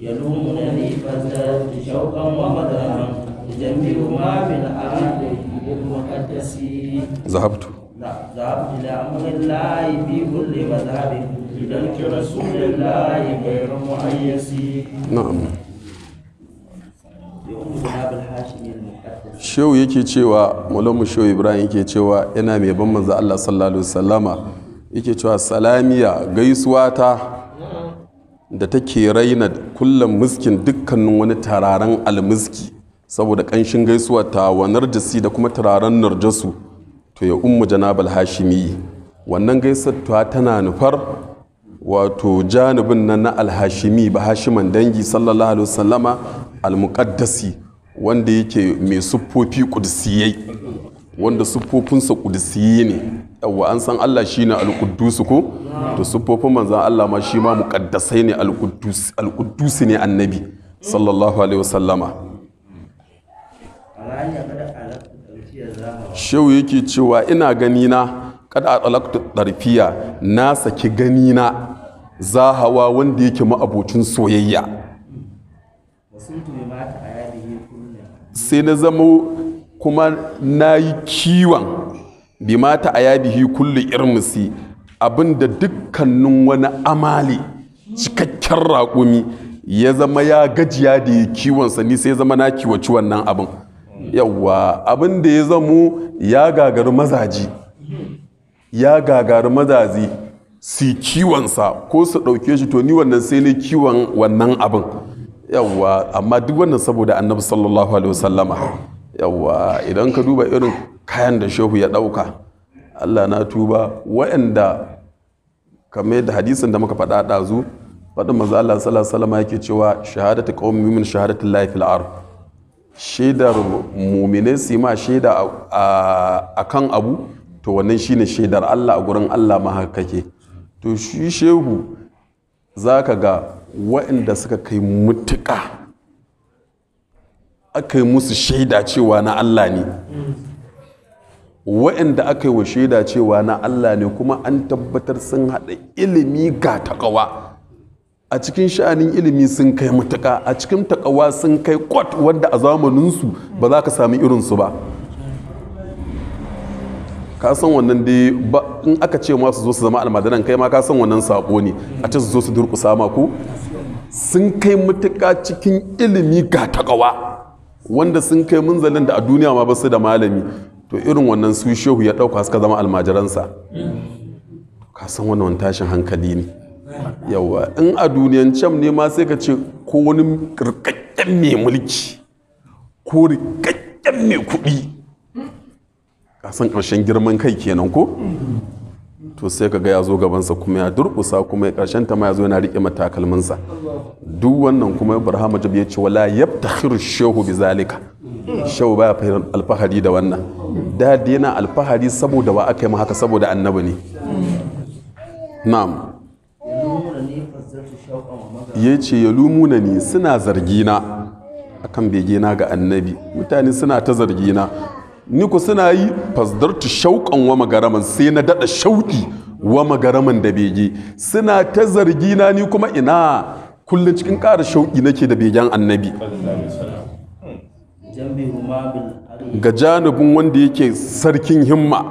يلومون بدأت شوقا الأرض ذهبت ذهبت yake cewa malamu shehu ibrahim yake cewa yana mai ban manzo Allah sallallahu alaihi wasallama yake cewa salamiya gaisuwa ta da take raina kullum muskin dukkanin wani tararen almiski saboda ƙanshin gaisuwa ta wa narjisi da kuma tararen narjasu to ya ummu janabal hashimi wannan gaisuwa tana nufar wato janibin nan na alhashimi ba hashiman dangi sallallahu alaihi wasallama almuqaddasi wanda yake mai siffofi kudusiyai wanda siffofinsa kudusiyi ne yawwa an san Allah shi ne alƙuddusu ko da siffofin manzan Allah ma shi ma muƙaddasai ne alƙuddusu ne annabi sallallahu alaihi wasallama shehu yake cewa ina ganina kada a tsalakta ɗarfiya na saki gani na. za hawa wanda yake ma'abocin soyayya sai na zama kuma na yi kiwon bi mata a yadihi kullu irmisi abinda dukkanin wani amali cikakken raƙumi ya zama ya gajiya da ya kiwonsa ni sai zama na kiwaci wannan abin yawwa abin da ya zamo ya gagari mazaji ya gagari mazaji su kiwonsa ko su ɗauke shi to ni wannan sai ne kiwon wannan abin yawwa amma duk wannan saboda annabi sallallahu alaihi wasallama yawa idan ka duba irin kayan da shehu ya ɗauka allah na tuba waɗanda kamar da hadisin da muka faɗa ɗazu faɗin maza allah salama yake cewa shahadatu ƙawon mumin shahadatu laifil ar shaidar mumine su ma shaida a kan abu to wannan shine shaidar allah a gurin allah ma haka ke. to shi shehu za ka ga waɗanda suka kai mutuƙa aka yi musu shaida cewa na Allah ne wa'anda aka yi wa shaida cewa na Allah ne kuma an tabbatar sun haɗa ilimi ga takawa a cikin sha'anin ilimi sun kai matuƙa a cikin takawa sun kai kwat wanda a zamaninsu ba za ka sami irinsu ba ka san wannan dai ba in aka ce ma su zo su zama almadanan kai ma ka san wannan sabo ne a ta su zo su durƙusa ma ku sun kai matuƙa cikin ilimi ga takawa wanda sun kai munzalin da a duniya ma ba su da malami to irin wannan su shehu ya ɗauka suka zama almajiransa ka san wannan tashin hankali ne yawa in a duniyan cam ne ma sai ka ce ko wani rikakken mai mulki ko rikakken mai kuɗi ka san ƙarshen girman kai kenan ko to sai ka ga ya zo gabansa kuma ya durƙusa kuma ya ƙarshen ta ma ya zo yana riƙe matakalminsa duk wannan kuma ibrahim jabi ya ce wala yabtakhiru shehu bi zalika shehu baya fahimtar alfahari da wannan dadi yana alfahari saboda wa aka yi haka saboda annabi ne na'am ya ce ya lumuna ne suna zargina akan bege na ga annabi mutane suna ta zargina ni ku suna yi fasdartu shauƙan wa magaraman sai na daɗa shauƙi wa magaraman da bege suna ta zargi na ni kuma ina kullum cikin ƙara shauƙi nake da begen annabi ga janibin wanda yake sarkin himma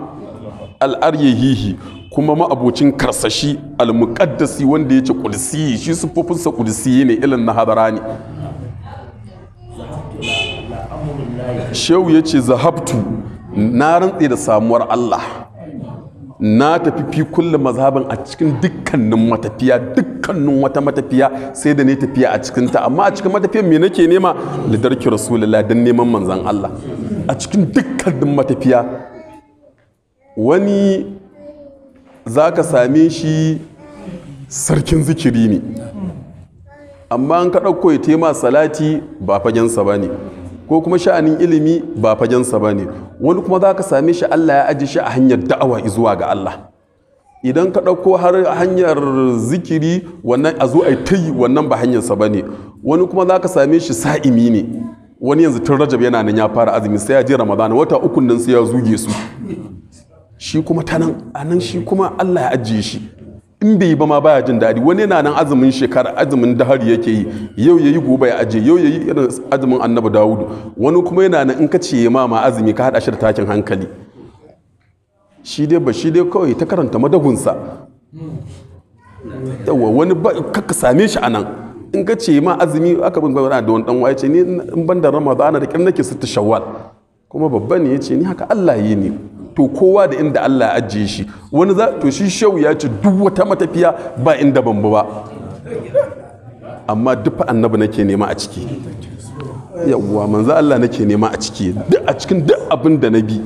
al'aryahihi kuma ma'abocin karsashi al-muqaddasi wanda yake kudusi shi siffofinsa kudusi ne ilin na hadara ne. shehu ya ce zahabtu na rantse da samuwar Allah na tafi fi kulle mazhabin a cikin dukkanin matafiya dukkanin wata matafiya sai da ne tafiya a cikin ta amma a cikin matafiya me nake nema lidarki rasulullah dan neman manzan Allah a cikin dukkanin matafiya wani zaka same shi sarkin zikiri ne amma an ka ɗauko ya tema salati ba fagensa ba ne ko kuma sha'anin ilimi ba fagensa ba ne wani kuma za ka same shi allah ya aji shi a hanyar da'awa zuwa ga allah idan ka ɗauko har hanyar zikiri wannan a zo a yi wannan ba hanyarsa ba ne wani kuma za ka same shi sa'imi ne wani yanzu tun rajab yana nan ya fara azumi sai ya je ramadana wata ukun nan sai ya zuge su shi kuma ta nan a nan shi kuma allah ya ajiye shi in bai yi ba ma baya jin daɗi wani yana nan azumin shekara azumin Dahar yake yi yau ya yi gobe ya aje yau ya yi irin azumin annabi dawudu wani kuma yana nan in ka ce ma ma azumi ka haɗa shi da takin hankali shi dai ba shi dai kawai ta karanta madagunsa yawa wani ba ka same shi a nan in ka ce ma azumi aka bin gwamnati da wani dan waye ce ni in ban da ramadana da kyar nake ta shawwal kuma babba ne ya ce ni haka Allah yi ne to kowa da inda Allah ya ajiye shi wani za to shi shau ya ci duk wata matafiya ba inda ban ba amma duk annabi nake nema a ciki yawwa manzo Allah nake nema a ciki duk a cikin duk abin da na bi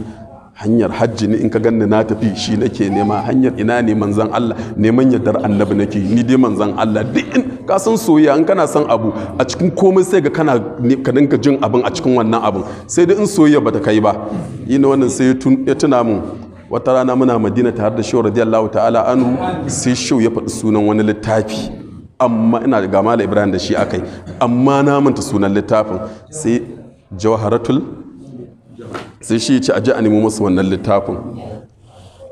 hanyar hajji ne in ka ganni na tafi shi nake nema hanyar ina ne manzan Allah neman yardar annabi nake ni dai manzan Allah duk in ka san soyayya in kana son abu a cikin komai sai ga kana ka dinka jin abin a cikin wannan abin sai dai in soyayya bata kai ba yin wannan sai ya tuna mun wata rana muna madina tare da shehu radiyallahu ta'ala anhu sai shehu ya faɗi sunan wani littafi amma ina ga mala ibrahim da shi akai amma na manta sunan littafin sai jawharatul sai shi ce ji a nemo masu wannan littafin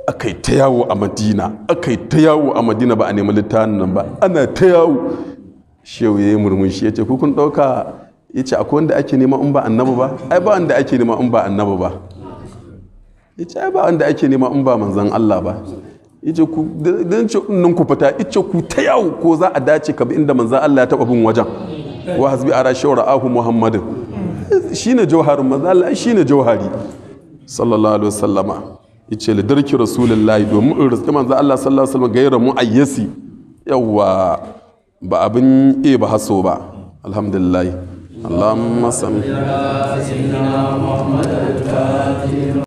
aka yi ta yawo a madina aka yi ta yawo a madina ba a nemi littafin nan ba ana ta yawo shehu ya yi murmushi ya ce kun ɗauka ya ce akwai wanda ake nema in ba annabi ba ai ba wanda ake nema in ba annabi ba ya ce ai ba wanda ake nema in ba manzan Allah ba ya ce ku don ce nan ku fita ya ce ku ta yawo ko za a dace ka bi inda manzan Allah ya taɓa bin wajen wa hasbi ara shawara ahu muhammadin shine jauharin manzo Allah shine jauhari sallallahu alaihi wasallama yace li darki rasulullahi domin in rizki manzo Allah sallallahu alaihi wasallam gaira mu ayyasi yawa ba abin e ba haso ba alhamdulillah اللهم صل على سيدنا محمد